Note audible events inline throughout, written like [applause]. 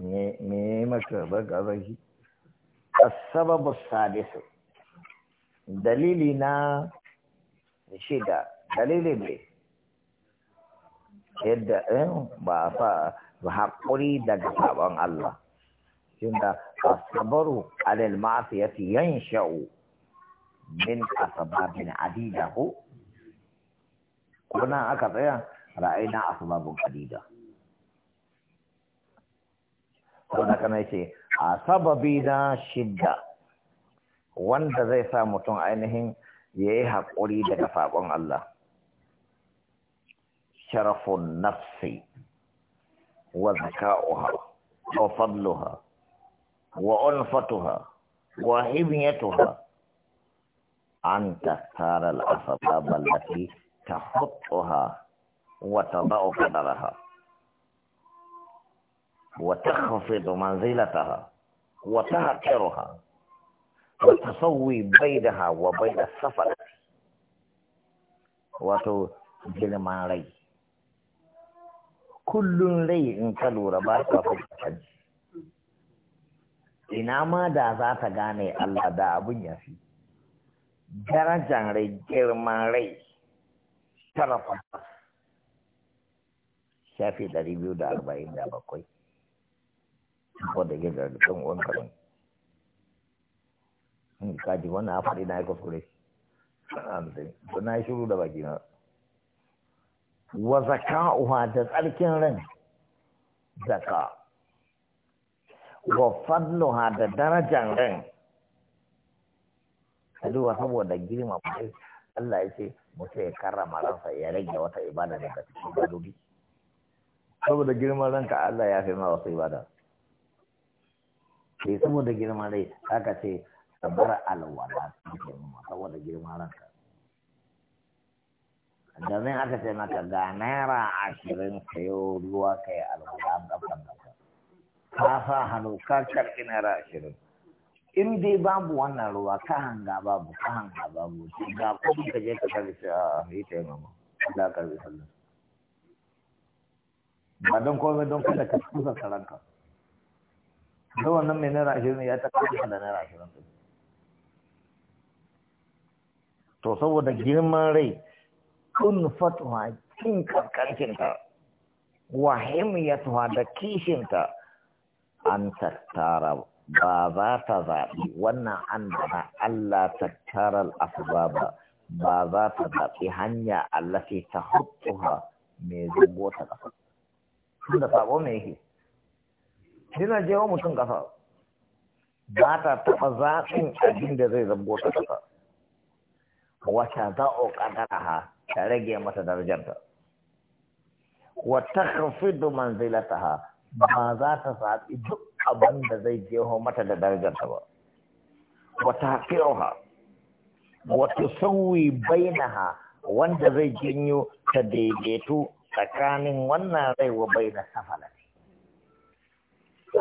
me maka baka zaki Salisu dalili na shida dalilin ne yadda ɗin eh, ba sa haƙuri daga sabon Allah tunda asabaru alal yan sha'u min asbabin adida ko kuna aka tsaya ra'ayina asababin adida wanda kana ce a sababi na shidda wanda zai sa mutum ainihin ya yi haƙuri daga saƙon Allah sharafun nafsi wa zaka'uha wa fadluha wa unfatuha wa himyatuha an tattara al'asabab allati tahuttuha wa tada'u qadaraha وتخفض منزلتها وتهكرها وتسوي بينها وبين السفر wato girman rai kullum rai in ka lura ba ta fuskan ina ma da za ta gane Allah da abun ya fi darajan rai girman rai tarafa shafi 247 ko da da uwan in ka ji wannan a faɗi na yi kuskure to na yi shiru da baki na wa da tsarkin ran zaka wa da darajan ran a saboda girma Allah ya ce ya karrama ransa ya rage wata ibada daga cikin gadobi saboda girman ranka Allah ya fi ma wasu ibada sai eh, saboda girma dai haka ce sabar alwala saboda girma ranka domin aka ce maka ga naira ashirin sayo ruwa kai alwala gaban gaban ka sa hannu ka karɓi naira ashirin in dai babu wannan ruwa ka hanga babu ka hanga babu ga kuɗi ka je ka karɓi a yi taimama ah, za ka karɓi sallar. ba don kome don kada ka kusa saranka. da wannan mai naira ashirin ya ta da naira ashirin ɗin to saboda girman rai kun fatuwa cin kankancinta wa himiyatuwa da kishinta an tattara ba za ta zaɓi wannan an dana Allah tattara al'asbaba ba za ta zaɓi hanya allafi ta hutuwa mai zubo ta ƙasa. Tunda sabo mai yake. je wa mutum ƙasa ba ta taɓa zaɓin abin da zai zambo ta ƙasa wata za a ƙaddara ha ta rage mata darajarta wata zai lata ha ba za ta zaɓi duk abin da zai wa mata da darajarta ba wata yau ha wata sauyi na ha wanda zai janyo ta daidaitu tsakanin wannan rai wa bai na safalar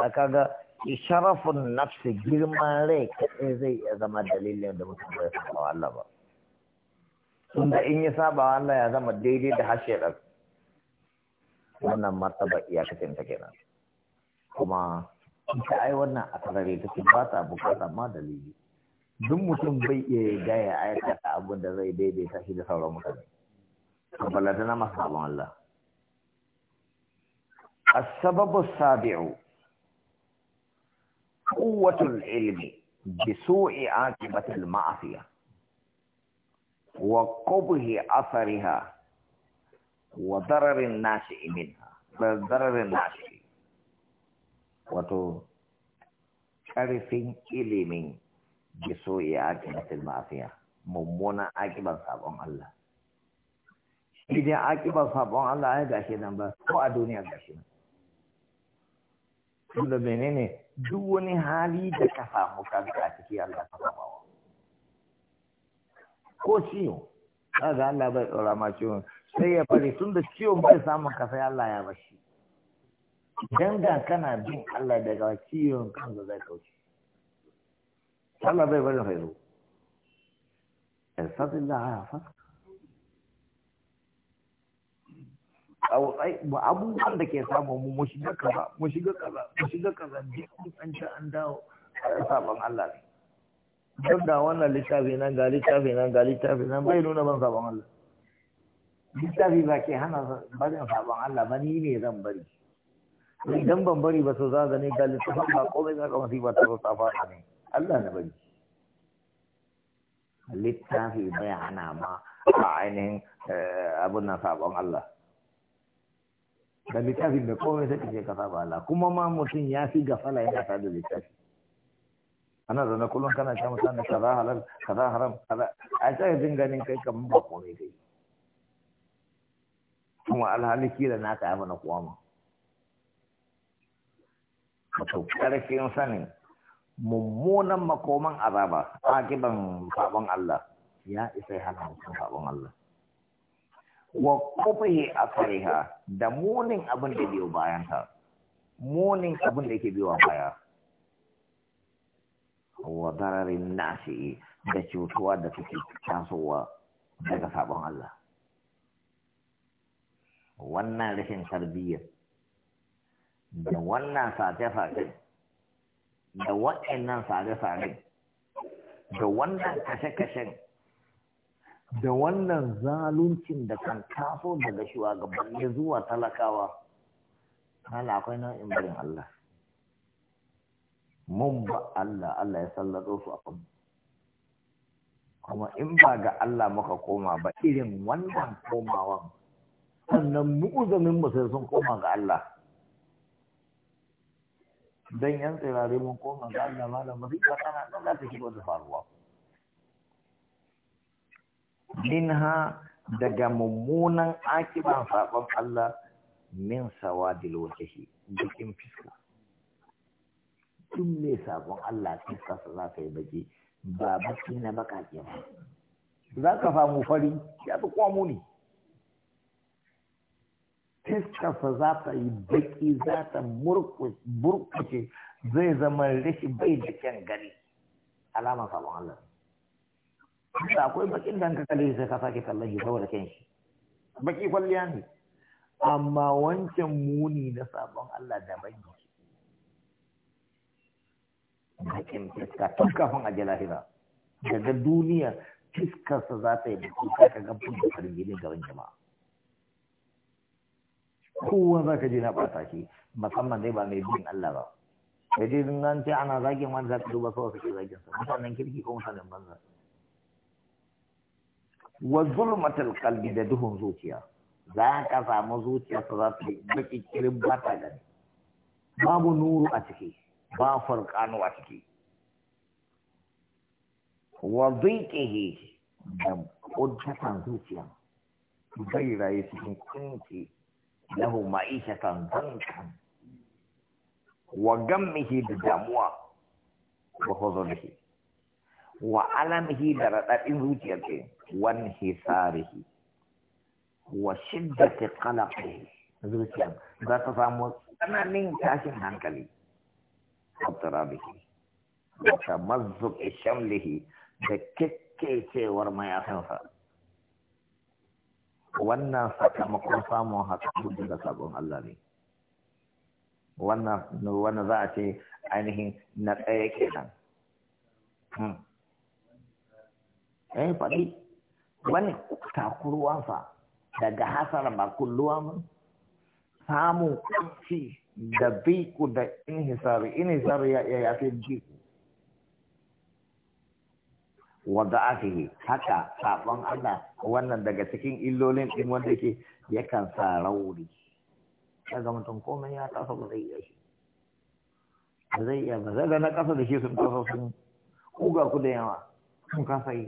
a kaga sharafin nafsi girman rai kaɗai zai iya zama dalilin da mutum zai saba wa Allah ba tunda in yi saba wa Allah ya zama daidai da hashe da wannan martaba iyakacin ta kenan kuma ita ai wannan a tarare take ba ta bukata ma dalili duk mutum bai iya gaya aikata abin da zai daidaita shi da sauran mutane kabalata na masu sabon Allah السبب السابع quwwatul ilmi bi su'i aqibatil ma'asiya wa qubhi athariha wa dararin nasi da dararin nasi wato karfin ilimin bi su'i aqibatil ma'asiya mummunan aqibar sabon Allah idan aqibar sabon Allah ya gashi nan ba ko a duniya gashi tunda menene duk wani hali da ka samu kanka a ciki Allah ka saba wa ko ciwo kaga Allah bai tsora ma ciwon sai ya bari tunda ciwon bai samun ka sai Allah ya bashi idan da kana bin Allah daga ciwon kanka zai kauce Allah bai bari fairu Alfadillah ya fa. tsawotsai ba abubuwan da ke samu mu mu shiga kaza mu shiga kaza mu shiga kaza duk an ci an dawo sabon Allah ne duk da wannan littafi nan ga littafi nan ga littafi nan bai nuna ban sabon Allah littafi ba ke hana barin sabon Allah ba ni ne zan bari idan ban bari ba so za ga ne ga littafin ba ko bai ga masifa ta zo tsafa ne Allah na bari littafi bai hana ma a ainihin eh, abun na sabon Allah da littafin da komai sai kace ka saba Allah kuma ma mutum ya fi gafala yana ta da littafi ana zaune kullum kana sha mutane kaza halal kaza haram kaza a sai jin ganin kai mun ba komai kai kuma alhali kila naka ya mana kuwama wato karfin sanin mummunan makoman azaba a akiban sabon Allah ya isa hana mutum sabon Allah wa a fariha da munin abin da biyo bayan ta munin abin da yake biyo baya wa dararin nasi da cutuwa da take tasowa daga sabon Allah wannan rashin tarbiyyar da wannan sace-sace da waɗannan sace-sace da wannan kashe-kashen da wannan zaluncin da kan taso daga shugabanni zuwa talakawa hala akwai nau'in barin Allah mun ba Allah Allah ya sallato su a kan kuma in ba ga Allah muka koma ba irin wannan komawan sannan mu'uzamin mu sai sun koma ga Allah Don yan tsirare mun koma ga Allah malam ba sai ka za ta shigo da faruwa minha daga mummunan akiban saɓon Allah min sawadil wajhi bikin fiska tun mai sabon Allah fiska su za ka yi baki ba baki na bakake ba za ka famu fari ya fi kwamo ne sa za ta yi baki za ta burkuce zai zama rashi bai da kyan gani alama sabon Allah akwai bakin da ka kalle sai ka sake kallon shi saboda kyan shi baki kwalliya ne amma wancan muni na sabon Allah da Ka bakin fiska tun kafin a ji lahira daga duniya fiskarsa za ta yi da kuka ka gabin da farin gaban jama'a kowa za ka ji na ɓata shi musamman dai ba mai bin Allah ba sai dai dun ce ana zagin wanda za ka duba kawai suke zagin sa mutanen kirki ko mutanen banza wa zulmatul qalbi da duhun zuciya za ka samu zuciya ta za ta baki kirin ba ta gani babu nuru a ciki ba furqanu a ciki wa dhiqihi da kuddatan zuciya bai raye cikin kunci lahu kan dhankan wa gammihi da damuwa wa huzunihi wa alamihi da raɗaɗin zuciyar ke wan hisarihi wa shiddati qalaqi zuciyar za ta samu tsananin tashin hankali abdurabihi wa tamazzuk shamlihi da kikkecewar mayafinsa wannan sakamakon samun haƙaƙu da sabon Allah ne wannan za a ce ainihin na tsaye kenan hmm. eh faɗi wani takurwansa daga hasara ba kulluwa mun samun kunci da biku da inhisari inhisari ya ya yafi biku wanda ake haka sabon Allah wannan daga cikin illolin din wanda yake yakan sa rauri ga mutum komai ya kasa ba zai iya shi ba zai iya ba zai na kasa da shi sun kasa sun kuga ku da yawa sun kasa yi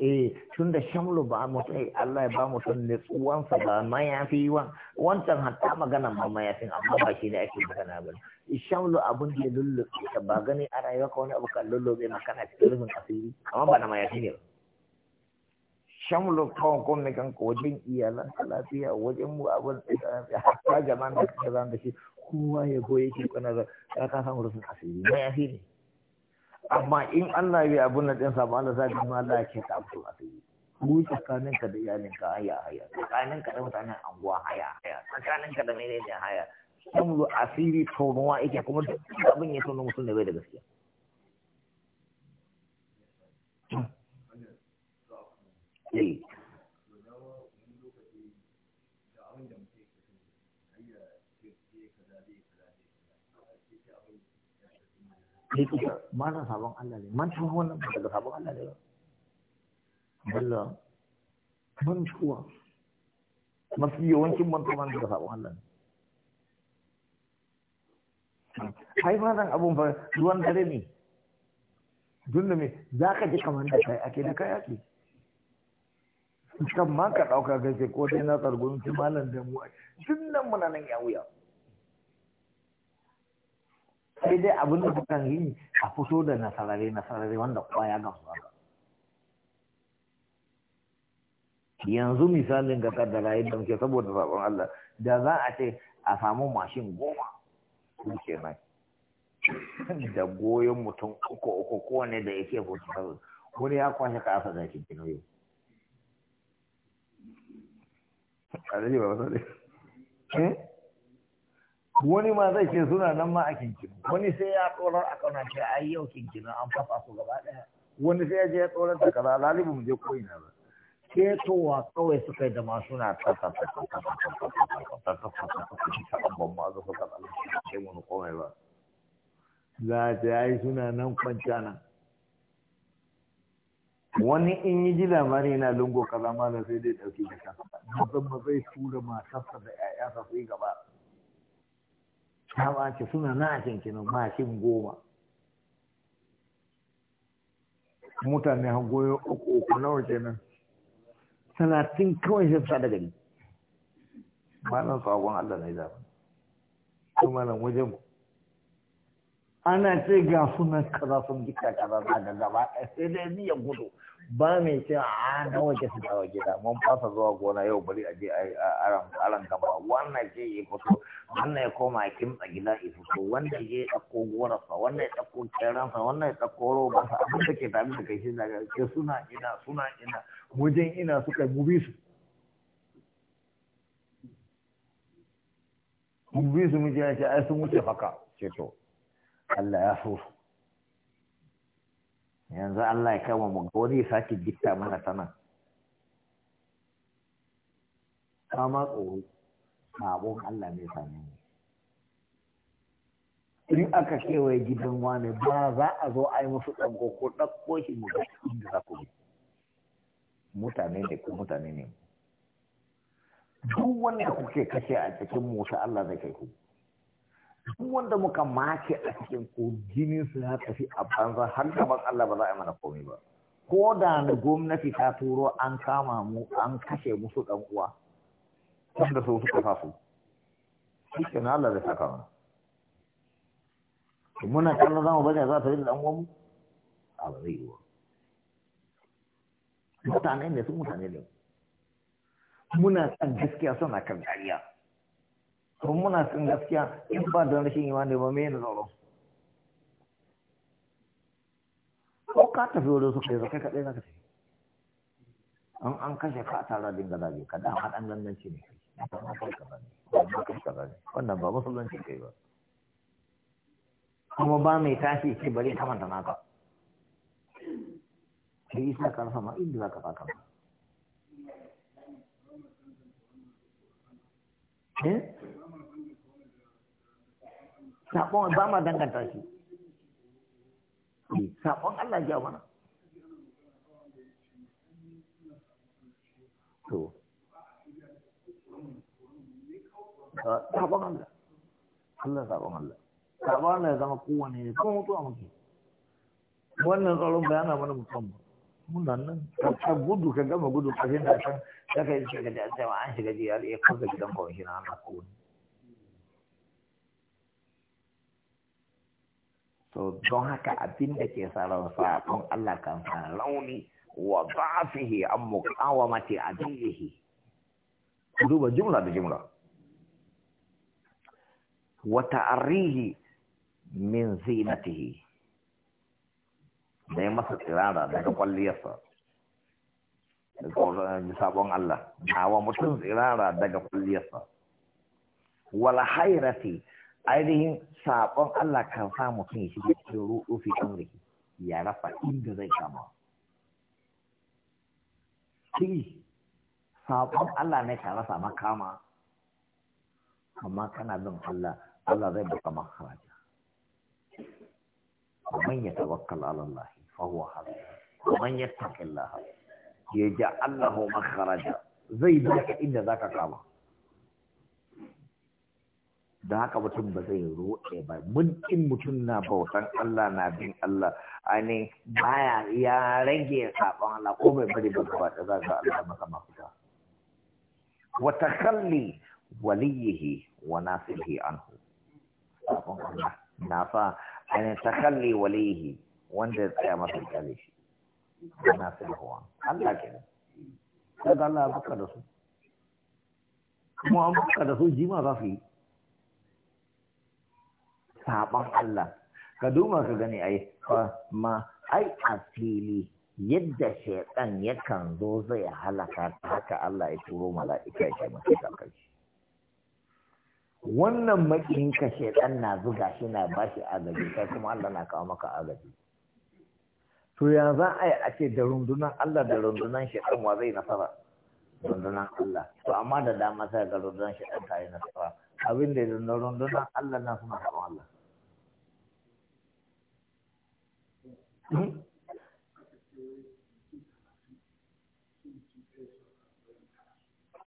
eh tun da shamlu ba mutum eh, Allah ya ba mu mutum nutsuwansa ba ya fi wa? wancan hatta magana ba fi, amma ba shi ne ake magana ba shamlu abun da lullu, ka ba gani a rayuwa ka wani abu ka bai ma kana cikin rufin asiri amma ba na fi ne ba shamlu ka kun ne kan wajen iyalan lafiya wajen mu abun eh, hatta jama'a da kake da shi kowa ya goye ki kana ka san rufin asiri mayafi ne amma in Allah ya abun nan din sabon Allah zai kuma Allah ke ta abu a sai ku tsakanin ka da iyalin ka haya haya tsakanin ka da mutanen anguwa haya haya tsakanin ka da ne haya sun zo asiri tonuwa yake kuma duk abin ya tono mutum da bai da gaskiya hmm. eh kai kuka mana sabon Allah ne Mana tuwa wannan ba ada sabon Allah ne ba balla man tuwa mafi cuma tu tuwa ada sabon Allah ne Hai ma nan abun fa ruwan dare ne dun da me za ka ji kamar da kai ake da kai ake kan ma ka ɗauka gaske ko dai na tsargon su malam da mu duk nan nan ya wuya sai dai abin da kan yi a fito da nasarare nasarare wanda ya ga ba yanzu misalin ga rayu da muke saboda sabon Allah da za a ce a samu mashin goma su kenan da goyon mutum uku uku kowane da yake hoto wani ya kwashe ka asa zakin kino yau a ba wasu ne wani ma zai ce suna nan ma a kinkinu wani sai ya tsorar a kauna ce a yau kinkinu an fafa su gaba daya wani sai ya je ya tsorar da kaza lalibu mu je ko'ina ba ketowa kawai suka yi da masu na tsaka za ta yayi suna nan nan wani in yi ji labari na lungo kaza dai dauki da kansa zai tura matarsa da 'ya'yansa su gaba ta ɓace suna na a kinan mashin goma mutane a goyo uku uku nawa kenan talatin kawai sai fita da gari malam tsawon Allah na yi zafi kuma nan wajen ana ce ga sunan kaza sun jika kaza za ga gaba sai dai ni ya gudu ba mai ce a na waje su dawo gida mun fasa zuwa gona yau bari a je a aran gaba wannan ce ya fito wannan ya koma kimtsa gida ya fito wannan ya ɗauko gorarsa wannan ya ɗauko kyaransa wannan ya ɗauko robarsa abin da ke tafi da kai shi daga ke suna ina suna ina wajen ina suka gubi su Gubi su mu je ya ce ai sun wuce faka ce to Allah ya so su yanzu Allah ya kama mu wani ya sake gitta mana sana kama tsoro sabon Allah mai sami ne in aka kewaye gidan wani ba za a zo a yi musu ɗanko ko ɗauko shi mu ga inda za ku bi mutane ne ko mutane ne duk wanda kuke kashe a cikin musa Allah zai kai ku duk wanda muka mace a cikin ko jinin su ya tafi a banza har gaban Allah ba za a yi mana komai ba ko da na gwamnati ta turo an kama mu an kashe musu dan uwa da su suka fasu shi ke na Allah zai saka mana muna kallon zamu bane za ta yi dan uwa mu a ba zai yi wa mutane ne su mutane ne muna kan gaskiya suna kan kariya. to muna sun gaskiya in ba don rashin imani ba me yana tsoro ko ka tafi wurin su kai kai kaɗai za ka tafi an an kashe ka a tara dinga zage ka da haɗan ganganci ne wannan ba musulunci kai ba kuma ba mai tashi ce bari kamanta naka sai isa ka rasa ma inda za ka saka ba eh sabon ba ma danganta shi eh, sabon Allah ya mana to sabon Allah Allah sabon Allah sabon Allah zama kowane ne kuma mutuwa muke wannan tsaron bayana mana musamman muna nan ka gudu ka gama gudu ka shi da san ka yi shiga da tsawa an shiga jiya ya kusa gidan kwamishin ana kowane to don haka abin da ke sarar sakon Allah kan sa rauni wa ba'fihi an muqawamati adihi duba jumla da jumla wa ta'rihi min zinatihi da ya masa tsirara daga kwalliyarsa da sabon Allah na wa mutum tsirara daga kwalliyarsa wala hairati ainihin saƙon Allah kan sa mutum ya shiga cikin ruɗo fi amurki ya rafa inda zai kama. Kiri, saƙon Allah ne ka rasa makama, amma kana bin Allah, Allah zai buka makaraja. Man ya tawakkal Allah, fahuwa hasu, man ya tafi Allah, ya ja Allah makaraja, zai bi inda za ka kama. don haka mutum ba zai roƙe ba muddin mutum na bautan Allah na bin Allah ne baya ya rage sabon Allah ko bai bari ba gaba da za ga Allah maka mafita wa takalli waliyihi wa nasihi anhu sabon Allah na fa ainihin takalli waliyihi wanda ya tsaya masa kyale shi wa nasihi wa Allah kenan sai Allah ya buka da su kuma an buka da su jima za su yi sabon Allah ka duma ka gani ai ma ai a fili yadda shaitan yakan zo zai halaka haka Allah ya turo mala'ika ya kai masu kai wannan makin ka shaitan na zuga shi na bashi agaji kai kuma Allah na kawo maka agaji to ya za a yi a ce da rundunan Allah da rundunan shaitan wa zai nasara rundunan Allah to amma da dama sai ga rundunan shaitan ta yi nasara abin da rundunan Allah na suna haɓa Eh,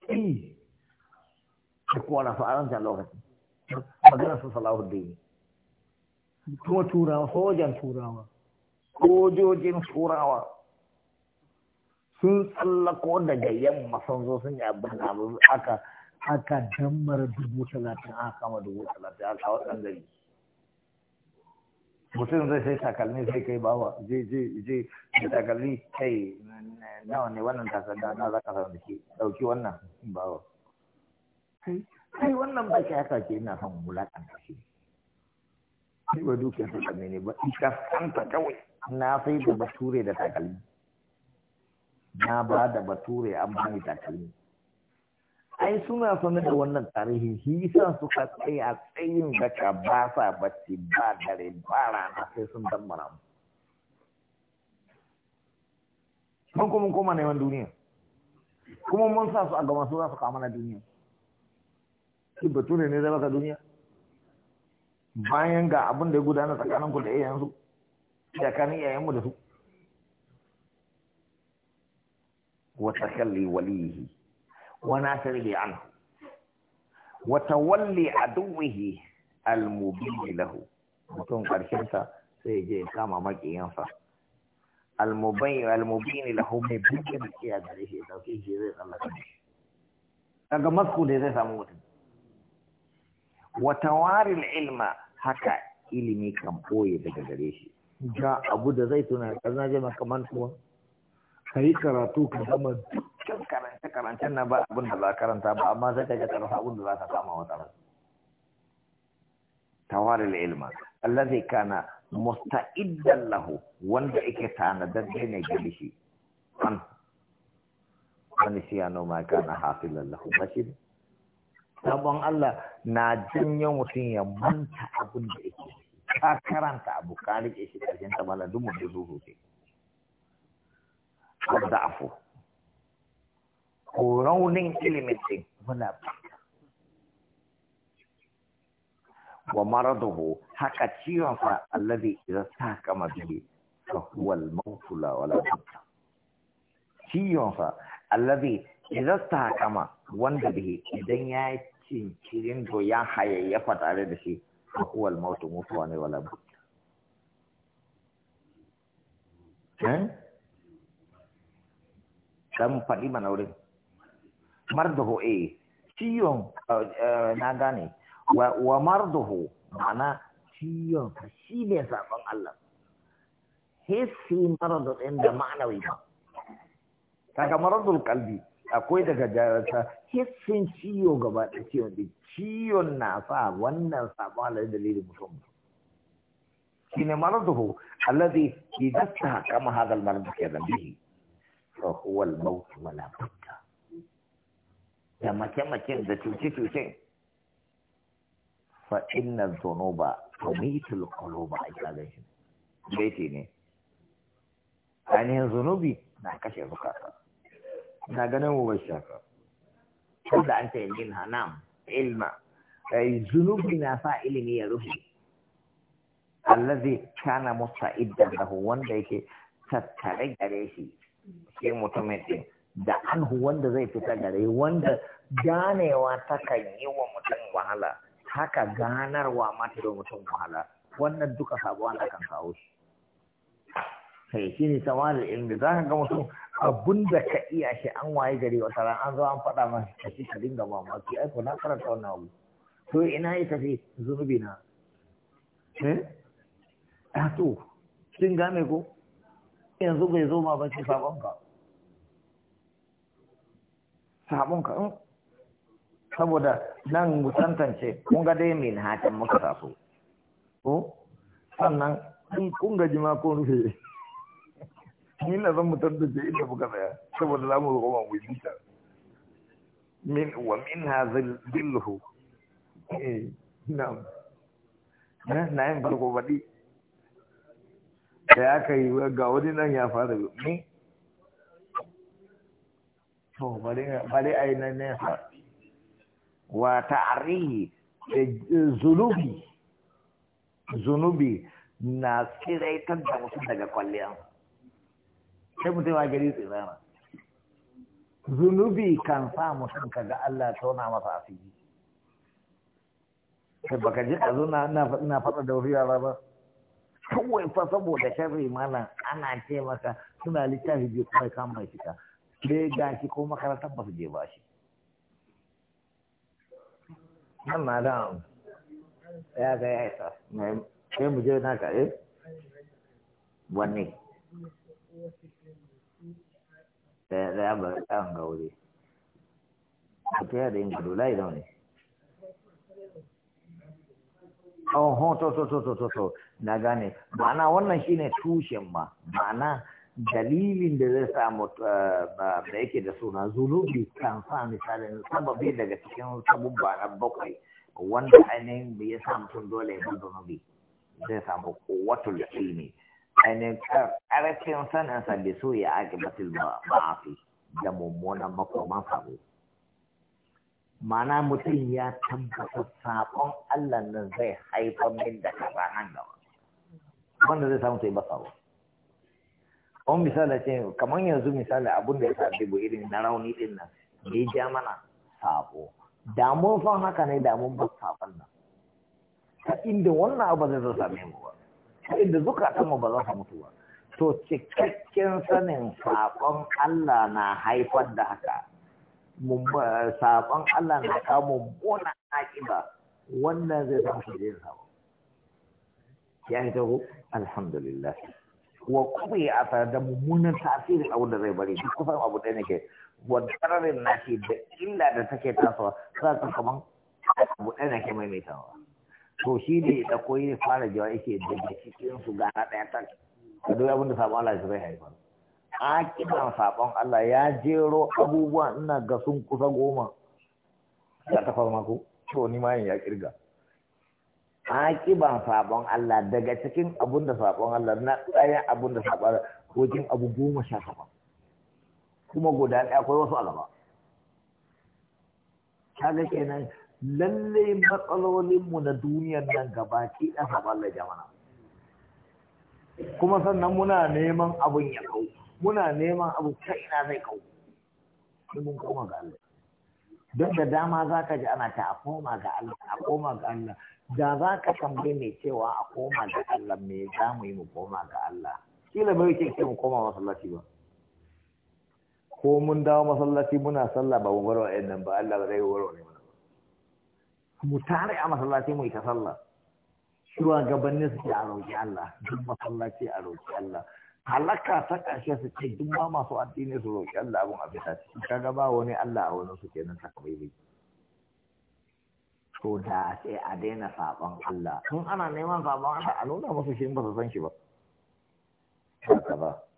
hmm? da kowa na fa'aranta lokacin. Magana su Salahuddin. Kuma turawa, sojan turawa, sojojin turawa sun tsallako daga yamma sun zo sun yi abin abin aka aka dammar dubu talatin aka kama dubu talatin aka waɗanda gari. mutum zai sai takalmi sai kai bawa je je je da takalmi kai na ne wannan takalmi na za ka samu ke dauki wannan bawa kai wannan ba ki haka ke ina son wulakan kan shi sai ba dukiya ta kame ne ba ita kanta kawai na sai da bature da takalmi na ba da bature an bani takalmi ai suna sanar da wannan tarihi shi yasa suka a tsayin daga ba sa bacci ba dare ba rana sai sun dammara mu mun kuma koma neman duniya kuma mun sa su a gaban su za su kama na duniya shi batu ne zai baka duniya bayan ga abin da ya gudana tsakanin ku da iyayensu tsakanin iyayenmu da su wata kalli walihi وناصره عنه وتولي عدوه المبين له mutum ƙarshensa sai je kama maƙiyansa almubayin almubini lahu mai bukin kiya gare shi dauke shi zai tsallaka daga masku da zai samu mutum wata warin ilma haka ilimi kan boye daga gare shi ja abu zai tuna ƙarna je makaman kuwa ka yi karatu ka gama karancen nan ba abin da za karanta ba amma zai ka jakar abin da za ka sama wata ran tawari da ilma zai kana musta'iddan lahu wanda yake tanadar da ne gilishi. an wani shi ya noma kana hafilan lahu ba shi sabon Allah na janyo mutum ya manta abin da yake ka karanta abu ka rike shi karshen ta bala duk mutum ke. da afu ko raunin ilimin din muna wa maraduhu haka ciwon fa allazi idan ta kama bihi fa huwa al-mautu la wala tudda ciwon fa allazi idan ta kama wanda bihi idan ya cincirin to ya hayayyafa tare da shi fa huwa al-mautu mutuwa ne wala budda dan eh? faɗi mana wurin marduhu eh ciyon eh, eh, na gane wa marduhu mana ciyon shi ne sabon Allah hissi maradu ɗin da ma'anawi ba kaga maradul kalbi akwai daga jarata hissin ciyo gaba da ciyon da ciyon na sa wannan sabon Allah dalilin mutum shi ne maraduhu alladhi idasta kama hadal maradu kenan bihi fa huwa al-maut wa da mace-macen da cuce-cucen fa inna zunuba tumitul quluba ai kaga shi baiti ne ainihin zunubi na kashe zukata na ganin mu shafa da an ce yin hanam ilma zunubi na sa ilimi ya rufe allazi kana musta'iddan lahu wanda yake tattare gare shi sai mutumin din da anhu wanda zai fita gare wanda ganewa kan yi wa mutum wahala haka ganarwa ma ta yi mutum wahala wannan duka sabuwa na kan kawo shi sai shi ne samalin ilmi za ka ga mutum abun da ka iya shi an waye gari wata ran an zo an faɗa ma ka ci ka dinga mamaki aiko na karanta wannan abu to ina yi tafi zunubi na eh ah, to kin game ko yanzu bai zo ma ba ci sabon ka sabon ka eh? saboda nan mu tantance kun ga dai min hakan muka taso ko sannan kun ga jima ko rufe [laughs] ni na zan mu tantance inda buka tsaya saboda za mu koma mu yi ta min wa min ha dilhu eh, na eh, na yin farko baɗi da ya kai ga wani nan ya fara min to bari a yi na nesa wa ta'arihi eh, zunubi zunubi na tsiraitar da mutum daga kwalliya sai mutum ya gari tsirana zunubi kan sa mutum ga Allah tona masa asiri sai baka ji ɗazu na faɗa da wuri ba kawai fa saboda sharri malam ana ce maka suna littafi biyu kuma kan mai shiga sai ga shi ko makaranta ba su je ba shi nan na da ya ga ya isa sai mu je na kare eh? wanne da ya ba ɗan ga wuri a ta da yin gudu layi da wani Oh, to, to, to, to, to, na gane, ma'ana wannan shine tushen ma, ma'ana dalilin da zai samu eh, da yake da suna zunubi kan sa misalin sababi daga cikin sabubba na bakwai wanda ainihin da ya sa mutum dole ya zunubi zai samu kowatul ilmi ainihin karfin sanin sa da so ya ake batil ma'afi da mummunan makoman sabo mana mutum ya tabbata saƙon Allah nan zai haifar min da kaza nan gaba wanda zai samu sai basawa on misali ce kamar yanzu misali abun da ya sabi bu irin na rauni din nan da ja mana sabo damun fa haka ne damun ba sabon nan ta inda wannan abu zai zo same mu ba ta inda zukatan mu ba za su mutu ba to cikakken sanin sabon Allah na haifar da haka sabon Allah na kawo mummuna akiba wannan zai zama shi zai sabo ya yi ta ku alhamdulillah wa kuɓe a tare da mummunan tasirin abu da zai bari duk kusan abu ɗaya ne ke wadararin na shi da illa da take tasowa za ka kaman abu ɗaya ne ke maimaitawa to shi ne da koyi fara jawa yake da cikin su gana ɗaya tak da duk abin da sabon Allah zai haifar akidan sabon Allah ya jero abubuwa ina ga sun kusa goma ya ta mako, to ni ma yin ya kirga aƙiban saɓon Allah daga cikin abun da saɓon Allah na ɗaya abun da saɓon wajen abu goma sha saba kuma guda ɗaya akwai wasu alama kaga kenan lallai matsalolinmu na duniyar nan gaba ki ɗan saɓon Allah jama'a kuma sannan muna neman abun ya kau muna neman abu ta ina zai kau sai mun koma ga Allah don da dama za ka ji ana ta a koma ga Allah a koma ga Allah da za ka tambaye mai cewa a koma ga Allah me za mu yi mu koma ga Allah kila bai ce ke mu koma masallaci ba ko mun dawo masallaci muna sallah ba mu ayyan nan ba Allah ba zai waro ne mana mu tare a masallaci mu yi ta sallah gabanin su ya a roƙi Allah duk masallaci a roƙi Allah halaka ta ƙarshe su ce duk ma masu addini su roƙi Allah abun a fita kaga ba wani Allah a wani su kenan bai Ko da sai a daina saɓon Allah tun ana neman saɓon Allah a nuna masu shi ba su san shi ba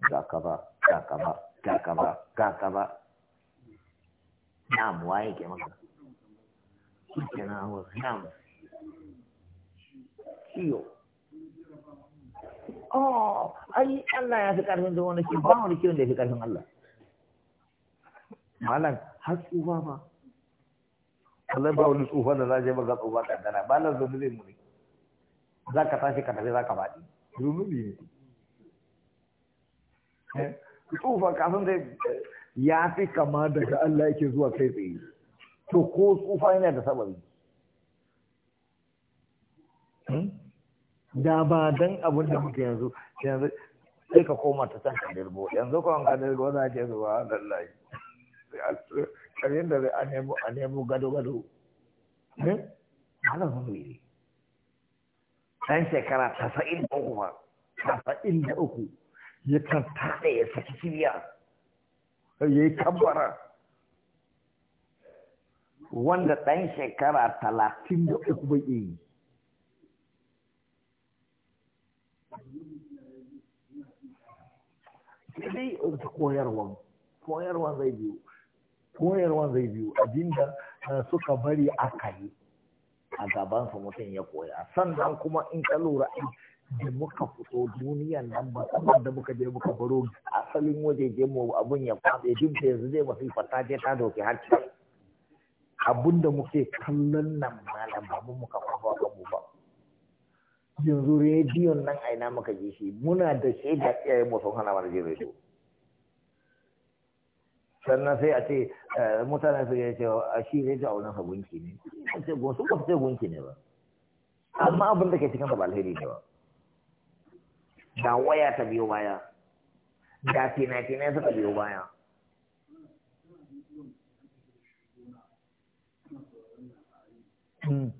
ga kaza ga kaza ga Na ga kaza ga kaza na'am waye ke maka oh ai Allah ya fi karfin zuwa wani shi ba wani kiyon da ya fi karfin Allah malam har tsufa ba kallon ba wani tsufa da za je maka tsufa kaddara ba na zo mu ne za ka tashi ka tafi za ka faɗi zunubi ne eh, tsufa kafin dai eh, ya fi kama daga Allah yake zuwa kai tsaye to ko tsufa yana da sababi hmm? da ba dan abin da muke yanzu yanzu sai ka koma ta san kadirbo yanzu ko an kadirgo za ke zuwa lallai [laughs] abin da zai a nemo a nemo gado-gado ne eh? malamin wuri ɗan shekara tasa'in da uku ba tasa'in da uku ya da ya saki kiriya ya yi kabbara wanda ɗan shekara talatin da uku bai yi sai koyarwa, koyarwa zai biyu koyarwan zai biyu abinda eh, suka bari aka yi a gabansa mutum ya koya sannan kuma in ka lura da muka fito duniyan nan ba sannan da muka je muka baro asalin waje je mu abun ya kwabe duk da yanzu zai masu fata je ta doke har ci abun da muke kallon nan malam ba mu muka kwafa ba mu ba yanzu rediyon nan aina muka ji shi muna da da iyayen mu sun hana mana jin rediyo sannan sai a ce eh, mutane su ya cewa, a shi zai ji auren gunki ne ce gosu ba ce gunki ne ba amma abin da ke cikin ba alheri ne ba da waya ta biyo baya da fina-finai suka biyo baya hmm.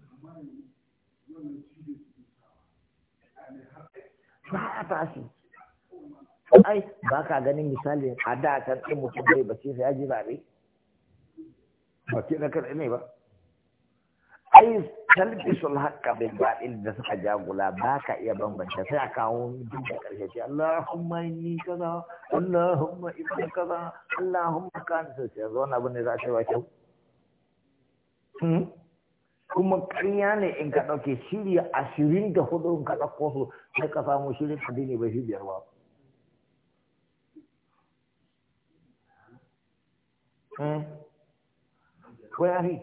ba a tashi ai ba ka ganin misali a da can ɗin mutum bai bace sai aji zaɓe ba ke na kan ne ba ai talbisul haqqa bil batil da suka jagula ba ka iya bambanta sai a kawo duk da ƙarshe ce Allahumma inni kaza Allahumma ibn kaza Allahumma kan sai yanzu zo na bane za ta ba kyau hmm? kuma ƙarya ne in ka ɗauke shirya ashirin da hudu in ka ɗauko su sai ka samu shirin addini bai shi biyar ba Eh? wayari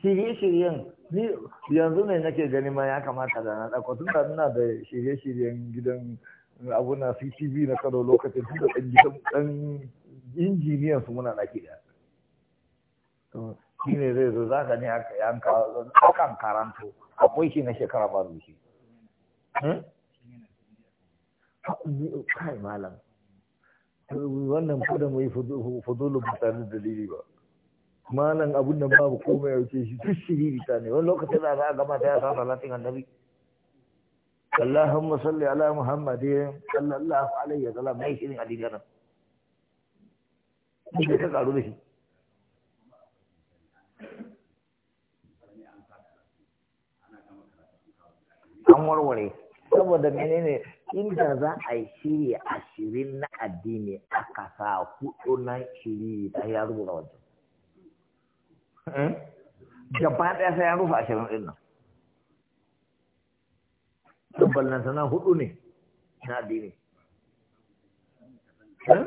shirye-shiryen ni yanzu ne nake gani ma ya kamata da na ɗauko tun da ina da shirye-shiryen gidan abuna CCTV na Kano lokacin tun da ɗan gidan ɗan injiniyan su muna ɗaki da shi ne zai zo za ka ne akan karanto akwai shi na shekara ba zuci hmm? kai malam wannan kuda mai fudulu ba tare da dalili ba malam abun da babu komai ya wuce shi duk shiriri ta ne wani lokacin da za a gama ta ya sa salatin annabi Allahumma salli ala Muhammadin sallallahu alaihi wa sallam mai shirin addini nan sai ka karu da shi an warware saboda menene inda za a yi shiri ashirin na addini aka sa hudu na shiri da ya rubuta wajen. Eh? Gaba ɗaya sai ya rufe ashirin ɗin nan. Tabbalin sana hudu ne na addini. Eh,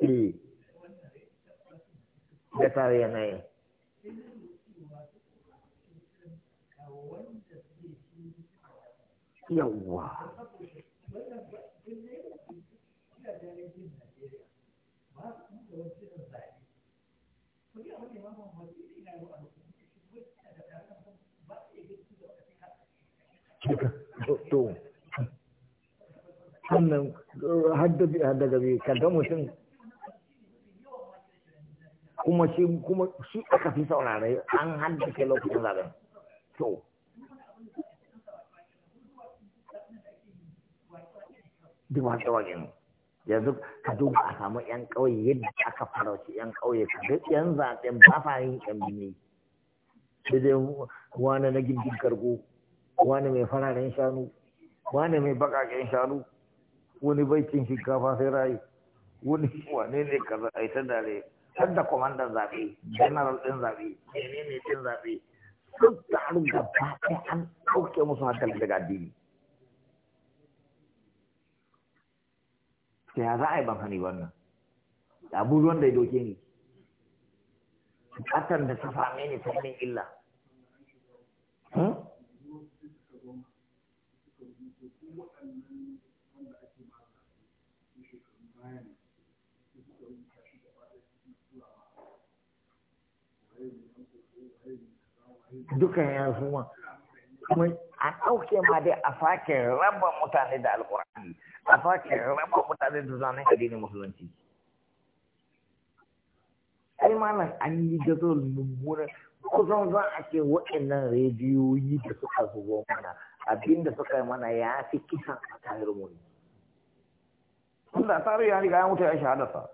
eh. da tare yanayi. yawwa to sannan eh, haddaga bai kada mutum kuma shi kuma shi aka fi saurare an ke lokacin zaben to duwatsu yanzu ka duba a samu yan ƙauye yadda aka farauci yan ƙauye ka duk yan zaɓen ba fa yin yan bine dai wani na gindin kargo wani mai fararen shanu wani mai baƙaƙen shanu wani baikin shinkafa sai rayu wani wane ne kaza a ta dare har da kwamandan zaɓe general ɗin zaɓe ne ɗin zaɓe duk da har gaba ɗaya an ɗauke musu hankali daga addini sai ya za a yi ban hani wannan abubuwan da ya doke ni bukatar da ta same ni ta min illa hmm? Dukan ya suma kuma a ɗauke ma dai a sake raba mutane da alƙur'ani a sake raba mutane da zanen addinin musulunci ai malam an yi gazo mummunan kusan za a ce waɗannan rediyoyi da suka zuwa mana abinda suka yi mana ya fi kisan a tayar mu tunda tsari ya riga ya mutu ya sa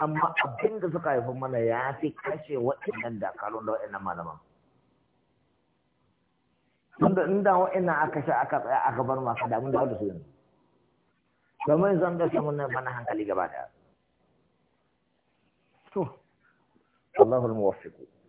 amma abinda suka haifar mana ya fi kashe waɗannan dakarun da waɗannan malaman tunda in da wa'annan aka sha aka tsaya aka bar maka da wadda su yanzu domin zan da samun nan mana hankali gaba daya to Allahul muwaffiq